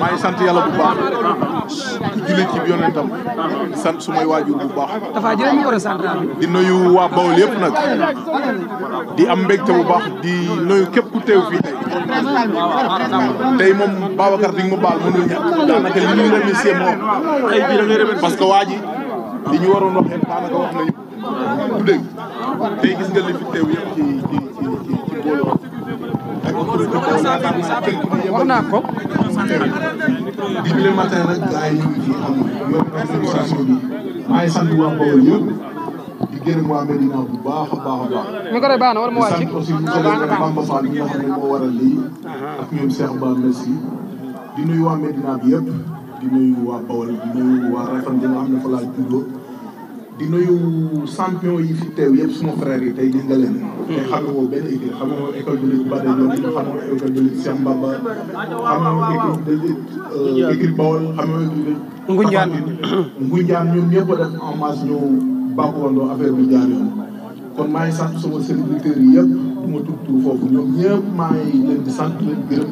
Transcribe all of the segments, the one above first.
maa sant yàlla bu baax di julli ci yonentam di sant sumay waajur bu baax. di nuyu waa Bawol yëpp nag di am mbégte bu baax di nuyu képp ku teew fii tey. tey moom Babacar di nga ma baax mënul ñàkk daanaka li ñuy remercier moom parce que waa ji li ñu waroon wax daanaka bu dégg tey gis nga li teew yëpp wax naa ko. digle matin rek gars yi ñu ngi fi am yor organisation bi maa ngi sant waa Bawol yëpp di gërëm waa Medina bu baax a baax a baax. mi ko rey baax na wala mu wàcc. di sant nga xam ne moo waral lii ak ñoom Cheikh Ba merci di nuyu waa di nuyu waa Bawol di nuyu waa Refane bi nga fa laa juddoo. di nuyu champion yi fi teew yëpp suma frère yi tey gis nga leen. Hmm. tey xamoo benn équipe xamoo école de lutte Bada Dione xamoo école de lutte Cheikh Mbaba xamoo équipe de euh, équipe Bawol xamoo équipe de. Ngunjaan Ngunjaan ñoom ñëpp a def en masse ñëw bàkkuwandoo affaire bi jaar yoon. kon maa ngi sant sama serviteurs yi yëpp du ma tudd tur foofu ñoom ñëpp maa ngi leen di sant leen gërëm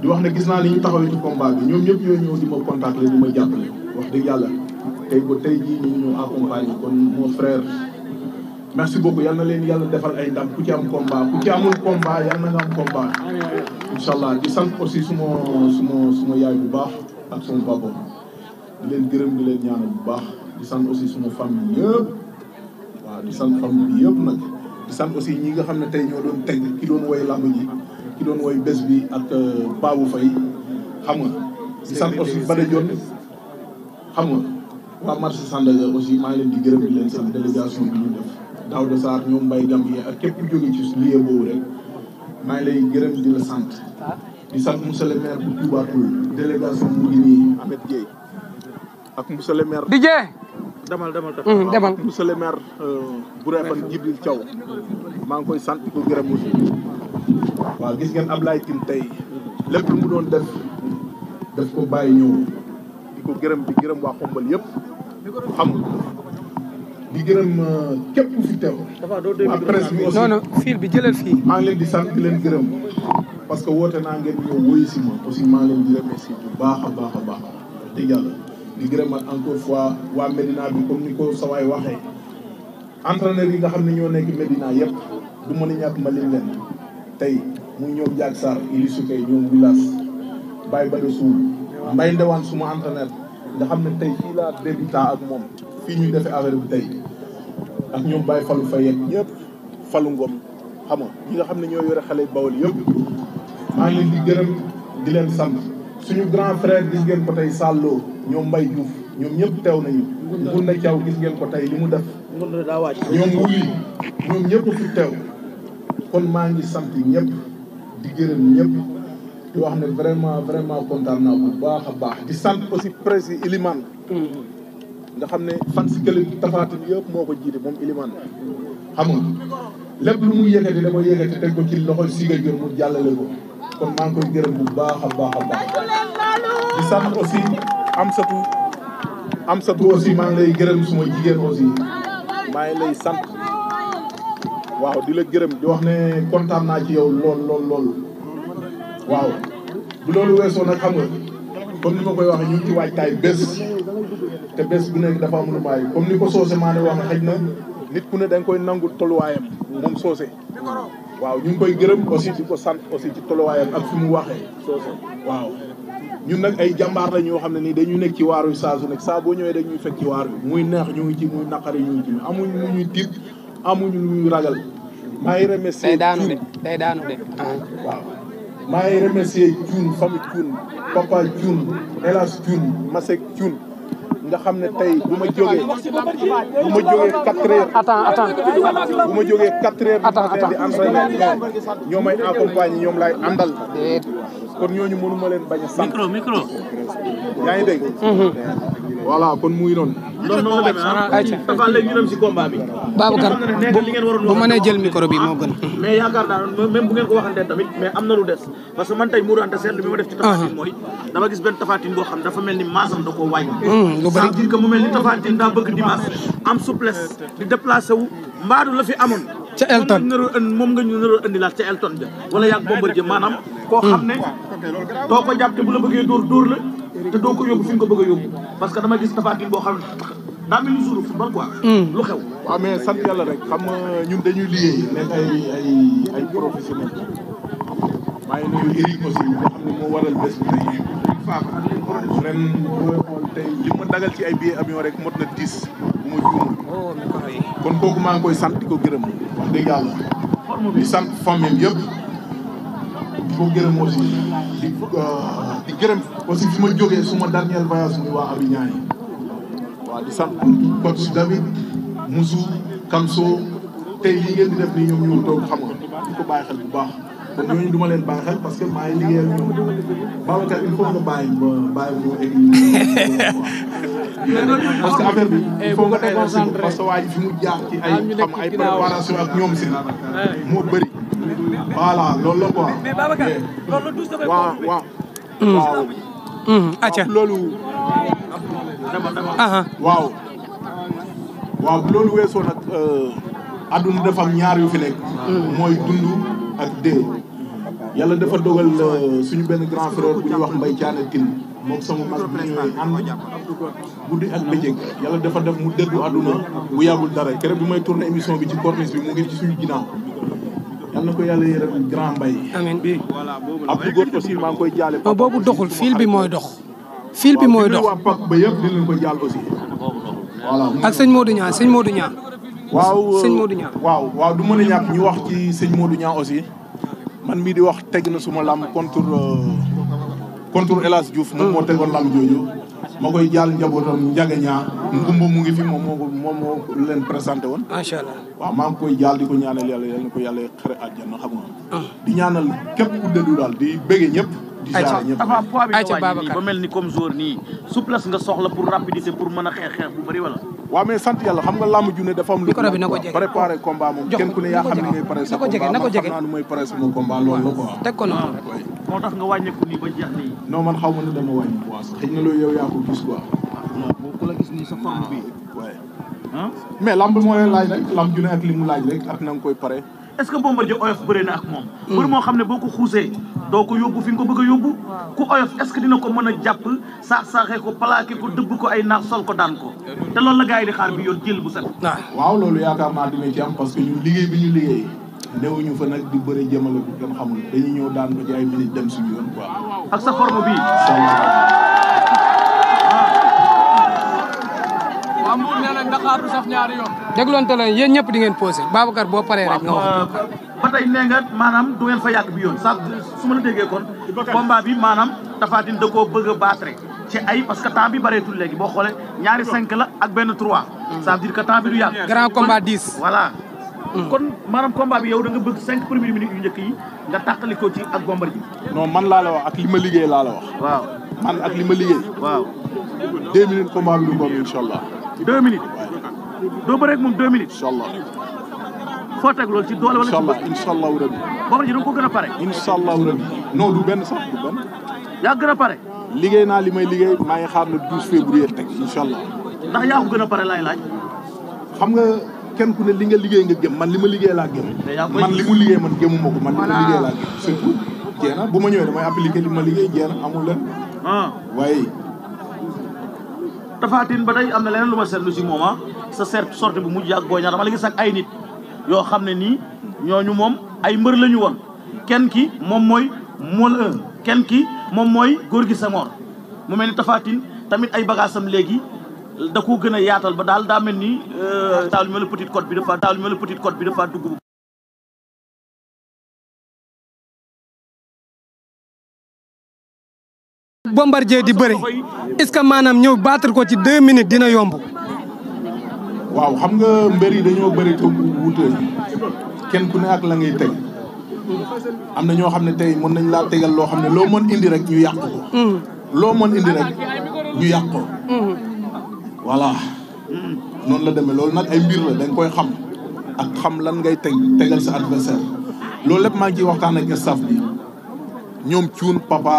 di wax ne gis naa li ñu taxawee ci combat bi ñoom ñëpp ñoo ñëw di ma contacter di ma jàppale wax dëgg yàlla. tey ba tay jii ñu ñu accompagner kon mon frère merci beaucoup yalla na leen yalla defal ay ndam ku ci am combat ku ci amul combat yalla na nga am combat inshallah di sant aussi suma suma suma yaay bu baax ak suma papa di leen gërëm di leen ñaanal bu baax di sant aussi suma famille yëpp waaw di sant famille bi yëpp nag di sant aussi ñi nga xam ne tey ñoo doon teg ki doon woy làmb ji ki doon woy bés bi ak euh, Babou fay xam nga di sant aussi Bada jonne xam nga waa marché Sandaga aussi maa leen di gërëm di leen seen délégation bi def Daouda Sarr ñoom Mbaye Gambie ak képp jóge ci lieu boobu maa ngi lay gërëm di la sant di sant monsieur le maire bu Touba Toul délégation mu ngi nii Ahmed Gueye ak monsieur le di demal demal demal mm, monsieur le euh, bu Refane Djibril Thiaw maa ngi koy sant ko gërëm aussi waaw gis ngeen Ablaye Tine tey lépp lu mu doon def def ko bàyyi ñëw di ko gërëm di gërëm waa Xombal yëpp xam nga di gërëm euh, képp ku fi teew. waa presse bi bi jëlal fii. maa ngi leen di sant leen gërëm parce que woote naa ngeen ñëw woyu si moom aussi maa ngi leen di remercier bu baax a baax a baax te yàlla di gërëmal encore fois waa Medina bi comme ni ko sawaay waxee. entraîneur yi nga xam ne ñoo nekk Medina yëpp du mën a ñàkk ma lim leen tey muy ñoom Diak Sarr Ili Soukey ñoom Wilas Baye Bada Sow Mbaye Ndewaan suma entraîneur nga xam ne tey fii laa débutant ak moom fii ñuy defee affaire bi tey ak ñoom bàyyi falu fa yegg ñëpp falu ngoom xam nga ñi nga xam ne ñoo yore xale bawol yëpp maa ngi leen di gërëm di leen sant suñu grand frère gis ngeen ko tey Salloo ñoom Mbaye Diouf ñoom ñëpp teew nañu Ngunda Thiaw gis ngeen ko tey li mu def ñoom wuli ñoom ñëpp fi teew kon maa ngi sant ñëpp di gërëm ñëpp di wax ne vraiment vraiment kontaan naa bu baax a baax di sant aussi presse yi Ilimane nga xam ne fan si kële tafaatin yëpp moo ko jiite moom Ilimane xam nga lépp lu mu yëkkati dama yëkkati teg ko ci loxol Siga Dior mu jàllale ko kon maa gërëm bu baax a baax a baax di sant aussi am satu am satu maa ngi lay gërëm suma jigéen aussi maa ngi lay sant waaw di la gërëm di wax ne kontaan naa ji yow lool lool lool waaw bu loolu weesoo nag xam nga comme ni ma koy waxee ñu ngi ci waajtaay bes te bes bu nekk dafa am lu maay comme ni ko Socé maa ne wax xëj na nit ku ne da nga koy nangu tolluwaayam moom Socé. waaw ñu ngi koy gërëm aussi di ko sant aussi ci tolluwaayam ak fi mu waxee Socé waaw. ñun nag ay jambaar na ñoo xam ne nii dañu nekk ci waaru saa su nekk saa boo ñëwee dañuy fekk ci waaru muy neex ñu ngi ci muy naqari ñu ngi ci amuñ lu ñuy tiit amuñ lu ñuy ragal. maa ngi remercier tey daanu de tey daanu de waaw. maa ngi remercier Dioune famille Dioune papa Dioune Elas Dioune Masek Dioune nga xam ne tey bu ma jógee bu ma jógee quatre heures. attends attends bu ma jógee quatre heures. attends attends di entraîné ñoo may accompagner ñoom laay àndal. kon ñooñu mënu ma leen bañ a sant. yaa ngi dégg. Mhm. voilà kon ah. jël micro bi moo gën. mais yaakaar naa même bu ko waxante tamit mais am na lu des parce que man tey Modou Anta seetlu bi ma def ci Tafatine mhm. boo xam dafa mel ni maasam da koo wàññi. Mhm, lu bari cest à am souplesse di déplacé wu mbaadu la amoon. ca Elton moom nga ñu naroon indi laat ca Elton ja wala yàgg Bombardier maanaam. koo xam ne doo ko jàpp te bu la bëggee dóor dóor la. te doo ko yóbbu fi nga ko yóbbu parce que dama gis tafaatin boo xam ne daa mel ni jour football quoi. Hmm. lu xew. waaw mais sant yàlla rek xam nga ne moo waral bés bi tey ren booy xool tey li ma dagal oh, maa ngi koy sant di ko gërëm wax dëgg yàlla di sant famille yëpp ko gërëm aussi di euh, gërëm aussi fi ma jógee suma dernier voyage muy waa Abidjan yi waaw di sant coach David Moussou Kamso tey li ngeen di def nii ñoom ñëw toog xam nga di ko bàyyi xel bu baax kon ñooñu duma leen bàyyi xel parce que maa ngi liggéey ak parce que affaire bi il faut nga eh, déconcentré parce que waa ji mu jaar ci ay ah, xam ay préparation ak ñoom seen eh. moo bëri voilà loolu la quoi waaw waaw Mm-hmm. waaw. acca loolu. waaw. waaw loolu weesoo nag adduna euh, dafa am ñaar yu fi nekk. Mm-hmm. mooy dund ak dee. yàlla dafa dogal euh, suñu benn grand frère bu ñuy wax Mbaye Thiané Tine moom sama mag bi ñuy ànd guddi ak bëccëg yàlla dafa def mu dëddu adduna bu yàggul dara keroog bi may tourné émission bi ci corniche bi mu ngi ci suñu ginnaaw. yal na ko yàlla yërëm grand mbay. amiin bi ak bu góor aussi maa ngi koy jaale. non boobu doxul fil bi mooy dox. fil bi mooy dox waaw fil bi waa PAK ba yëpp dinañ ko jaal aussi. voilà ak Modou Modou waaw Modou waaw waaw du ñu wax ci Modou aussi. man mii di wax teg na suma lamb contre euh, contre El Diouf. ma koy jaal njabootam njaga ñaa mm-hmm. ngumba mu ngi fi moom moo ko moom moo leen présenté woon macha allah waaw maa koy jaal di ko ñaanal yàlla yàlla na ko yàlla xare àjjana xam nga ah. bi nga wàññi nii ba ni comme jour nii souplesse nga soxla pour rapidité pour mën a xam nga làmb ju dafa am lu préparé combat ko noonu ah, moo tax nga wàññeeku nii ba jeex nii. man xaw ma ne dama wàññi poids sax na loolu yow yaa ko gis quoi. gis nii sa bi. waaye mais lamb moo leen laaj rek lamb ju ne ak li mu laaj rek ak na koy pare. est-ce que Bombardier oyof bëree na ak moom. Hmm. mbër moo xam ne boo ko xuusee doo ko yóbbu fi nga ko bëgg a yóbbu. ku oyof est-ce que dina ko mën a jàpp saax saaxee ko plaqué ko dëbb ko ay naax sol ko daan ko te loolu la gars yi di xaar bi yoon jël bu set. waaw loolu yaakaar naa dina ci am parce bi ñu newuñu fa nag di bëri jëmale ko kenn xamul dañuy ñëw daan ko ci minute dem suñu yoon quoi. ak sa forme bi. Dakar la yéen ñëpp di ngeen posé Babacar boo paree rek nga wax. Euh, ba tey nga maanaam du ngeen fa yàgg bi yoon sa su la déggee kon. combat bi maanaam Tapha da koo bëgg battre ci ay parce que temps bi bareetul léegi ñaari 5 la ak 3. ça veut dire que temps bi du grand combat 10. voilà. Mm. kon maanaam combat bi yow da nga bëgg cinq premières minutes yu njëkk yi nga tàqali ko ci ak Bombardier non man laa la wax ak li ma liggéey laa la wax waaw man ak li ma liggéey waaw deux minutes combat bi du moom incha allah deux minutes doo bëre ak moom deux minutes incha allah foo teg ci doole wala ci bët incha allah rabi Bombardier da nga ko gën a pare incha allah rabi non du benn sax du benn yaa gën a pare liggéey naa li may liggéey maa ngi xaar le février teg incha allah ndax ya ko gën a pare laay laaj xam nga kenn ku ne li nga liggéey nga gem man lima ma liggéey laa gëm man limu mu liggéey man gëmuma ko man limu ma liggéey laa jeena bu ma ñëwee damay appliquer lima ma liggéey jeena amul Ah, waaye Tafatin, ba day amna leneen luma ma ci si ah. sa seet sorte bu mujj ak booy ñaar dama la sax ay nit yo xam ni ñoñu mom ay mbeur lañu won kenn ki mom moy mool un kenn ki mom moy góor gi sa mu melni ni tamit ay bagasam legi. da ko gën a yaatal ba daal daa mel ni euh, daal mel petite côte bi dafa daal mel petite côte bi dafa dugg. Bombardier di bëre est-ce que maanaam ñëw battre ko ci deux minutes dina yomb. waaw xam nga mbër yi dañoo bëri te wuute kenn ku ne ak la ngay teg am na ñoo xam ne tey mën nañ laa tegal loo xam ne loo mën indi rek ñu yàq ko. Mm. loo mën indi rek ñu yàq ko. Mm. voilà noonu la demee loolu nag ay mbir la danga koy xam ak xam lan ngay teg tegal sa adversaire loolu lépp maa ngi ciy waxtaan ak staff bi ñoom cuun papa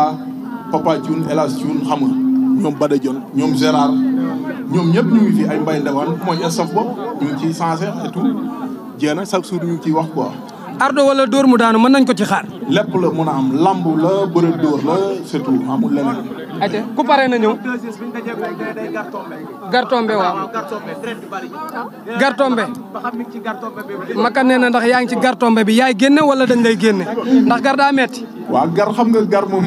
papa cuun elas cuun xam nga ñoom Badajon ñoom Gérard ñoom ñëpp ñu ngi fi ay mbay ndewaan mooy staff bopp ñu ngi ciy changé et tout jéena chaque jour ñu ciy wax ko ardo wala door mu daanu mën nañ ko ci xaar lépp la mun a am lamb la bëre dóor la surtout amul leneen. ku pare na ñëw Gartombe waaw Gartombe maka nee na ndax yaa ngi ci Gartombe bi yaay génne wala dañ lay génne ndax gar daa metti waaw gar xam nga gar moom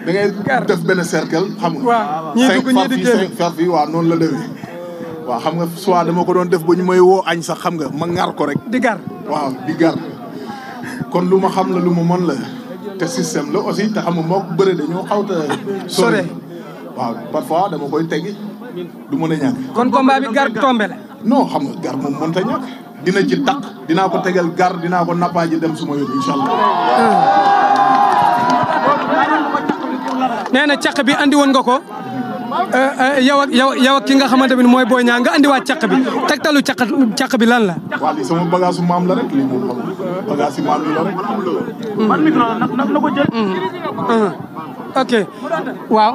da ngay def benn cercle xam nga waaw ñii dugg noonu la demee waaw xam nga soit dama ko doon def ba ñu may woo añ sax xam nga ma ngar ko rek di gar waaw di gar kon lu ma xam la lu ma mën la te système la aussi te xam nga moo ko bëre dañoo xawta sore waaw parfois dama koy teggi du mën a ñàkk. kon combat bi gar tombé la. non xam nga gar moom mënta ñàkk. dina ci takk dinaa ko tegal gar dinaa ko dem suma incha ah. nee na caq bi andi woon nga ko. Eh, eh, yow ak yow yow ak ki nga xamante mooy Boy Niang andi andiwaat caq bi tegtalu caq caq bi lan la. waaw lii sama bagage su maam la rek lii moom xam bagage su maam la rek. man micro na ko jël. ok waaw.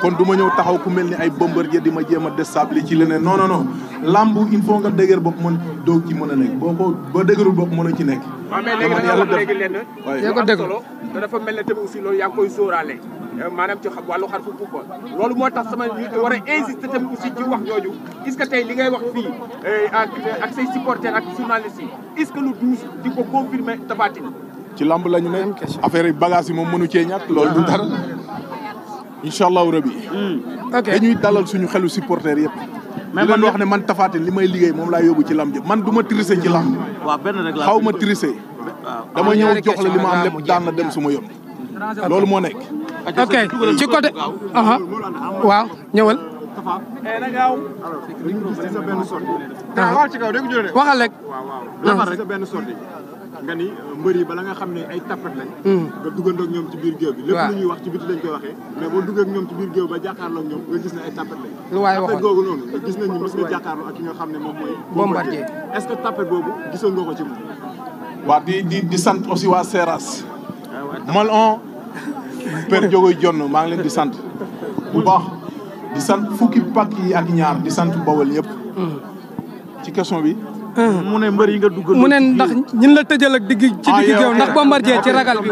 kon du ma ñëw taxaw ku mel ni ay Bombardier di ma jéem a déstabiliser ci leneen non non non lamb il faut nga dëgër bopp mën doog ci mën a nekk boo ko ba dëgërul bopp mën a ci nekk. waaw ah, mais léegi da nga wax léegi lenn. waaye solo te dafa mel ne tamit aussi loolu yaa ngi koy sóoraale. Euh, maanaam ci wàllu xar fu ko loolu moo tax sama ñu war a insister tamit aussi ci wax jooju est-ce que tey li ngay wax fii euh, ak ak say supporters ak journalistes yi est-ce que lu duus di ko confirmer Tapha Tine. ci lamb la ñu ne affaire yi bagages yi moom mënu cee ñàkk loolu du dara. incha allahu rabi. Mm. ok dañuy dalal suñu xelu supporters yëpp. mais man wax ne man Tapha Tine li may liggéey moom laay yóbbu ci lam ji man du ma triser ci lamb. benn rek xaw ma triser. dama ñëw jox la li ma am lépp daan dem suma yoon. loolu moo nekk. ok ci côté. waaw ñëwal. Eh, ah. waxal rek. nga ni euh, mbër yi bala nga xam ne ay tappat lañ hmm. nga duggandoo ak ñoom ci biir géew bi lépp lu ñuy wax ci biti lañ koy waxee mais boo duggee ak ñoom ci biir géew ba jàkkaarloo ak ñoom nga gis ne ay tappat lañ lu waay waxoon googu noonu gis nañ ni mos nga jàkkaarloo ak ki nga xam ne moom mooy bombardier est-ce que tappat boobu gisoon nga ko ci moom waaw di di di sant aussi waa Seras ah, mal on Père Diogoy Jonn maa ngi leen di sant bu baax di sant fukki pàkk yi ak ñaar di sant Bawol yëpp hmm. ci question bi mu ne mbër yi nga dugg mu ne ndax ñin la tëjal ak digg ci ah, ci ragal bi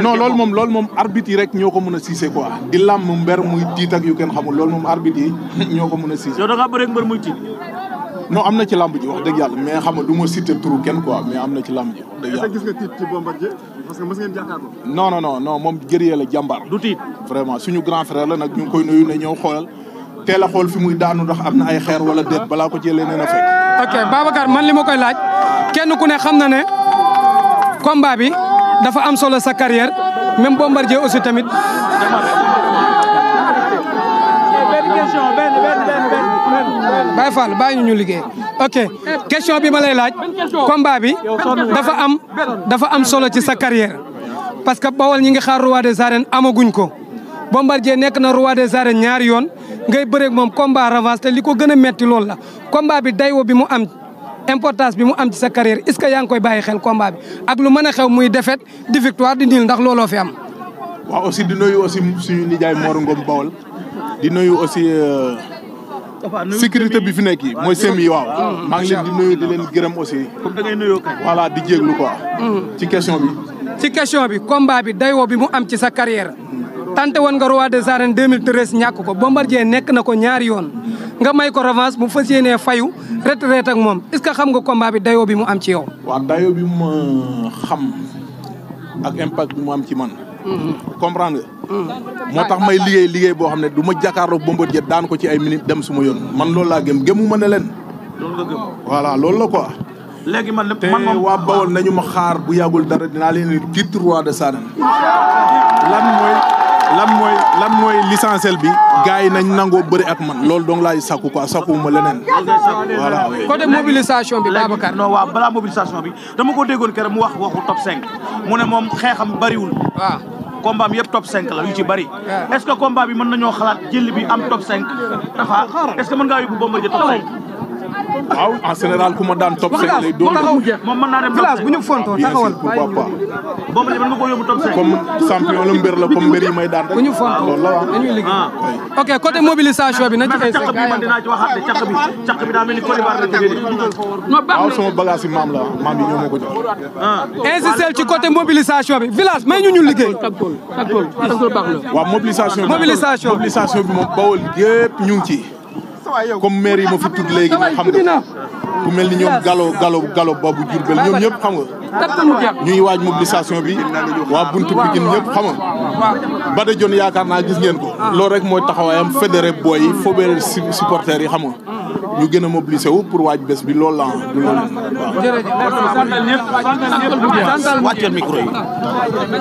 non loolu moom loolu moom arbitre yi rek ñoo ko mën a siise quoi i làmm mbër muy tiit ak yu kenn xamul loolu moom arbitre yi ñoo ko mën a siise yow am na ci làmb ji wax dëgg yàlla mais xam nga du ma citer turu kenn quoi mais am na ci làmb ji wax dëgg yàlla gis nga tiit ci bombardier parce que moom guerrier la jàmbaar du tiit vraiment suñu grand frère la nag ñu ngi koy nuyu ne ñëw xoolal teel xool fi muy daanu ndax am na ay xeer wala déet balaa ko jëlee nee na ok Babacar man li ma koy laaj kenn ku ne xam na ne combat bi dafa am solo sa carrière même Bombardier aussi tamit. Baye Fall bàyyi ñu ñu liggéey ok question bi ma lay laaj combat bi dafa am dafa am solo ci sa carrière parce que bawal ñi ngi xaar roi des arènes amaguñ ko Bombardier nekk na roi des arènes ñaari yoon ngay bëreeg moom combat revanche li ko gën a metti loolu la combat bi dayoo bi mu am importance bi mu am ci sa carrière est ce que yaa ngi koy bàyyi xel combat bi ak lu mën a xew muy défaite di victoire di niil ndax looloo fi am. waaw aussi di nuyu aussi suñu nijaay Mor Ngom Bawol di nuyu aussi. Euh, sécurité bi fi nekk yi mooy semi waaw maa ngi leen di nuyu di leen gërëm aussi comme da ngay nuyoo voilà di jéeglu ko mm. ci question bi ci question bi combat bi dayoo bi mu am ci sa carrière tante woon nga roi des arènes 2013 ñàkk ko Bombardier nekk na ko ñaar yoon nga may ko revanche mu fas yéenee fayu retraite ak moom est-ce que xam nga combat bi dayo bi mu am ci yow. waaw dayoo bi ma xam ak impact bi mu am ci man. Mm-hmm. comprendre nga. Mm-hmm. moo tax may liggéey liggéey boo xam ne du ma jàkkaarloo Bombardier daan ko ci ay minutes dem suma yoon man laa gëm gëmu ma ne leen. loolu la loolu la quoi. léegi man lépp man moom waa Bawol nañu ma xaar bu yàggul dara dinaa leen titre roi de arènes. lan mooy lan mooy l'essentiel bi gars yi nañ nangoo bëri ak man loolu donc laay sakku quoi sakku ma leneen. voilà côté mobilisation bi Babacar. non waaw balaa mobilisation bi dama ko déggoon keroog mu wax waxu top 5 mu ne moom xeexam bëriwul. waaw combat bi yëpp top 5 la yu bari bëri. est ce que combat bi mën nañoo xalaat jël bi am top 5. dafa est ce que mën ngaa yóbbu Bombardier top 5. waaw en général ku ma daan top 5 lay doon village bu ñu fonto taxawal comme champion la mbër la comme mbër yi may daan rek bu ñu fonto loolu la waaw dañuy ok côté mobilisation bi na ci ay caq bi dinaa ci waxaat de caq bi caq bi daa mel ni Kolibar la jógee waaw sama bagage yi maam la maam yi ñoo ma ko jox mobilisation bi village may ñu ñu liggéey waaw mobilisation mobilisation bi moom bawol yëpp ñu ci comme maire yi ma fi tudd léegi xam nga ku mel ni ñoom Gallo Gallo Gallo Babou Diourbel ñoom ñëpp xam nga ñuy waaj mobilisation bi waa buntu Pikine ñëpp xam nga Bada Dione yaakaar naa gis ngeen ko loolu rek mooy taxawaayam fédéré boy yi fobere supporters yi xam nga ñu gën a mobiliser wu pour waaj bés bi loolu la du loolu waaw